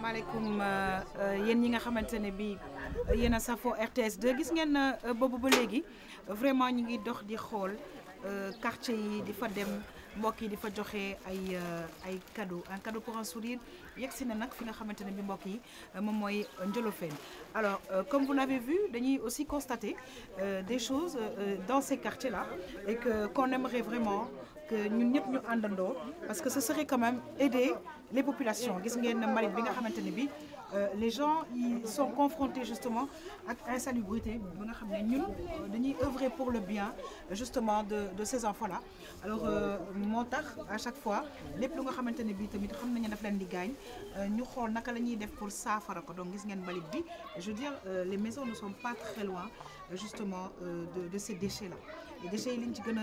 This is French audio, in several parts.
asalaamaaleykum euh, euh, yéen ñi nga xamantene bi bii euh, safo RTS 2 gis ngeen na ba vraiment ñu ngi dox di xol quartier yi di fa dem mbokk di fa joxe ay ay cadeau un cadeau pour un sourire yegg si na nag fi nga xamantene bi mbokk yi moom mooy Njolofène alors comme vous l'avez vu dañuy aussi constater des choses dans ces quartiers là et que qu'on aimerait vraiment que ñun ñëpp ñu àndandoo parce que ce serait quand même aider les populations gis ngeen mbalit bi nga xamante ne bi euh, les gens ils sont confrontés justement à insalubrité bi nga xam ñun euh, dañuy œuvrer pour le bien justement de de ces enfants là alors euh, moo à chaque fois lépp lu nga xamante ne bi tamit xam nañu daf leen di gaañ ñu xool naka la ñuy def pour saafara ko donc gis ngeen mbalit bi je veux dire les maisons ne sont pas très loin justement de de ces déchets là les déchets yi li ñu ci gën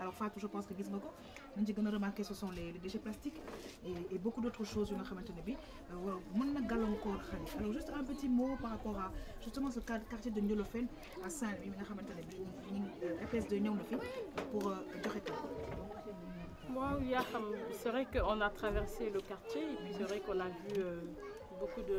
alors Fatou je pense que gis nga ko li remarqué ce sont les déchets plastiques et, et beaucoup d'autres choses yu nga xamante ne bi euh, mën na alors juste un petit mot par rapport à justement ce quartier de Ndiolofène à Saint-Louis mi nga xamante ne de ñu ngi euh, fi pour euh, joxe ko Moi, c'est vrai qu'on a traversé le quartier et puis c'est vrai qu'on a vu beaucoup de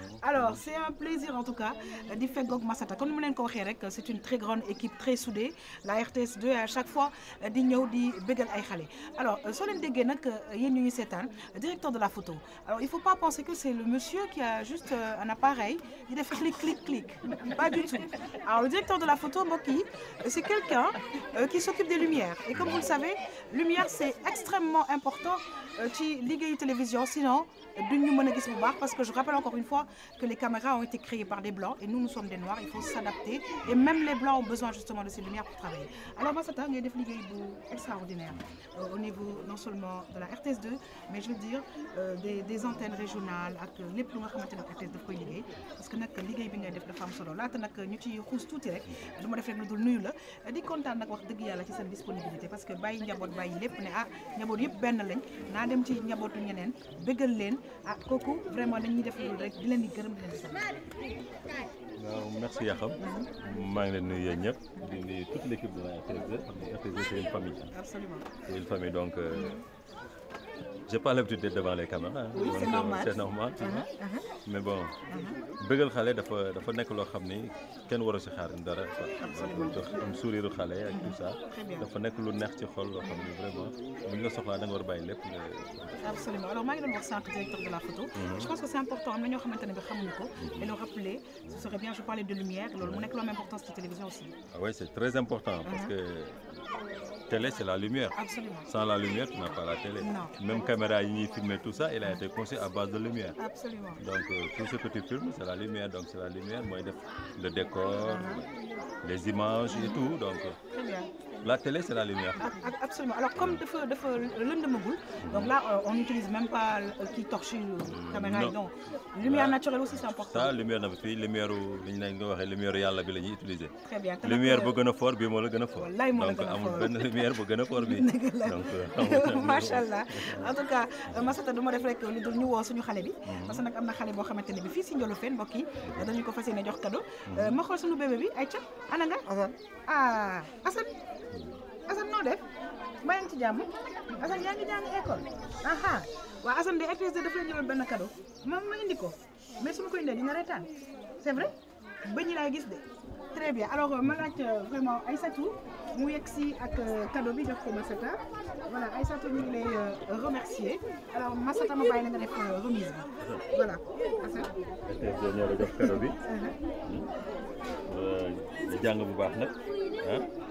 alors c'est un plaisir en tout cas di faire Massata comme c'est une très grande équipe très soudée la RTS2 à chaque fois d'ignorer di alors euh, Solène leen déggee euh, Setan, directeur de la photo alors il ne faut pas penser que c'est le monsieur qui a juste euh, un appareil Il fait clic clic clic pas du tout alors le directeur de la photo Moki, c'est quelqu'un qui s'occupe des lumières et comme vous le savez lumière c'est extrêmement important tu une télévision sinon duñ ñu parce que je rappelle encore une fois que les caméras ont été créées par des blancs et nous, nous sommes des noirs. Il faut s'adapter. Et même les blancs ont besoin justement de ces lumières pour travailler. Alors, moi, il y a des extraordinaires euh, au niveau non seulement de la RTS2, mais je veux dire euh, des, des, antennes régionales avec les plus grands RTS de Koïligé. Parce que nous avons des gens qui femmes solo. Là, nous avons des gens qui ont tout direct. Nous avons fait nous nul. Nous content de voir de la disponibilité parce que Baye Ndiabot Baye Lep, ne ah Ndiabot Yep Ben Len, Nadem Ti Ndiabot Nyenen, Begel Len, ah Koku, vraiment, nous avons fait des merci Yakham. Je suis leen nuyu yéen toute l'équipe de la RTS. RTS c'est une famille. Hein. absolument c'est une famille donc. Euh, j'ai pas l'habitude d'être devant les caméras. Hein. Oui, c'est normal c'est normal. Uh-huh, uh-huh. mais bon. Uh-huh. bëggal xale dafa dafa nekk loo xam ni kenn waru si xaar dara. am sourire xale et tout ça. dafa nekk lu neex ci xol loo xam ni vraiment bu ñu la soxlaa da nga war a bàyyi lépp. absolument alors maa ngi doon wax sànq directeur de la photo. je pense que c'est important am na ñoo xamante ne ko. et le rappeler ce serait bien je parlais de lumière loolu mu nekk lu am importance la télévision aussi. ah oui c'est très important parce que télé, c'est la lumière. Sans la lumière, tu n'as pas la télé. Même caméra filmée, tout ça, il a été conçu à base de lumière. Absolument. Donc euh, tout ce que tu filmes, c'est la lumière. Donc c'est la lumière, le décor, les images et tout. Donc, euh, La télé, c'est la lumière. Absolument. Alors, comme de de donc là, euh, on n'utilise même pas qui torche la caméra. lumière naturelle aussi, c'est important. Ça, lumière, lumière, lumière, lumière, lumière, lumière, lumière, lumière, lumière, lumière, première bu gën a fort bi donc euh, macha allah en tout cas Massata du ma def rek lu dul ñu woo suñu xale bi mm-hmm. parce que nag am na xale boo xamante ne bi fii si Ndiolofène mbokk yi mm-hmm. dañu ko fas jox cadeau mm-hmm. euh, ma xool suñu bébé bi Aïcha ana nga ah Assane Assane noo def maa ngi ci jàmm Assane yaa ngi jàng école aha waaw Assane de RTS dafa leen jëloon benn cadeau moom ma indi ko mais su ma ko indee dina reetaan c'est très bien alors euh, je euh, vraiment Aïssatou euh, cadeau voilà Aïssatou je remercier alors Massata ma pas la remise voilà. cadeau uh-huh. hmm.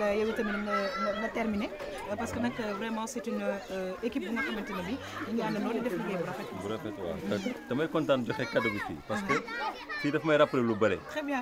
la yow itamit nga nga parce que nag euh, vraiment c'est une euh, équipe bu nga xamante ne bii ñu ngi def liggéey bu rafet. bu rafet waaw damay kontaan joxe cadeau bi fii parce que ah. fii daf may rappeler lu bëre. très bien.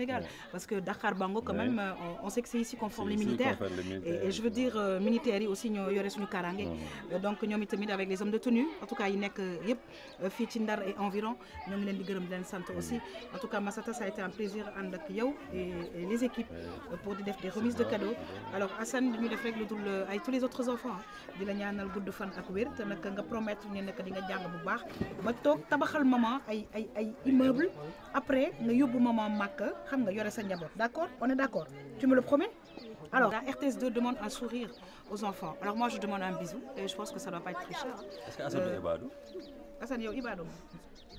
Sénégal. Parce que Dakar Bango, quand même, euh, on, on sait que c'est ici qu'on forme les militaires. Et, je veux dire, euh, militaires aussi, nous sommes Karangé. Donc, nous sommes avec les hommes de tenue. En tout cas, il n'est que euh, que Fitindar et environ. Nous sommes les centre aussi. Mm. En tout cas, Massata, ça a été un plaisir avec et, les équipes euh, pour des, des remises de cadeaux. Alors, Hassan, nous le avec tous les autres enfants. Ah, nous avons gudd fan ak wér te nag nga promettre ñu nekk di nga jàng bu baax ba toog tabaxal maman ay ay ay immeuble après nga yóbbu maman màkk D'accord on est d'accord? tu me le promets alors la RTS2 demande un sourire aux enfants alors moi je demande un bisou et je pense que ça ne doit pas être très cher. Hein. est ce que euh, Ibadou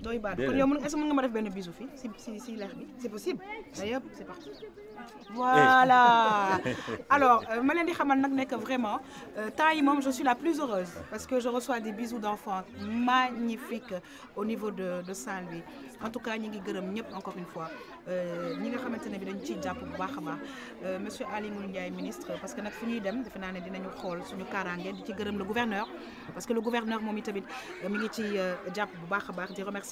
dooy baat kon yow est-ce que mën nga ma def benn bisou fii si si si leex bi c'est possible d'ailleurs c'est parti eh. voilà alors euh, ma leen di xamal nag nekk vraiment euh, temps yi moom je suis la plus heureuse parce que je reçois des bisous d'enfants magnifiques au niveau de de Saint-Louis en tout cas ñi ngi gërëm ñëpp encore une fois euh, ñi nga xamante ne bi dañ ci jàpp bu baax a baax monsieur Aly Ngouille Ndiaye ministre parce que nag fu ñuy dem defe naa ne dinañu xool suñu kaaraange di ci gërëm le gouverneur parce que le gouverneur moom itamit mi ngi ci jàpp bu baax a baax di remercier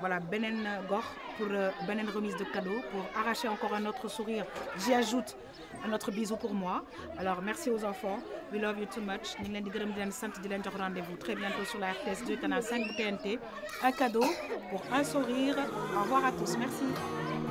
voilà Benen Gor pour euh, Benen remise de cadeaux pour arracher encore un autre sourire j'y ajoute un autre bisou pour moi alors merci aux enfants we love you too much ñu ngi rendez-vous très bientôt sur la RTS 2 canal 5 TNT un cadeau pour un sourire au revoir à tous merci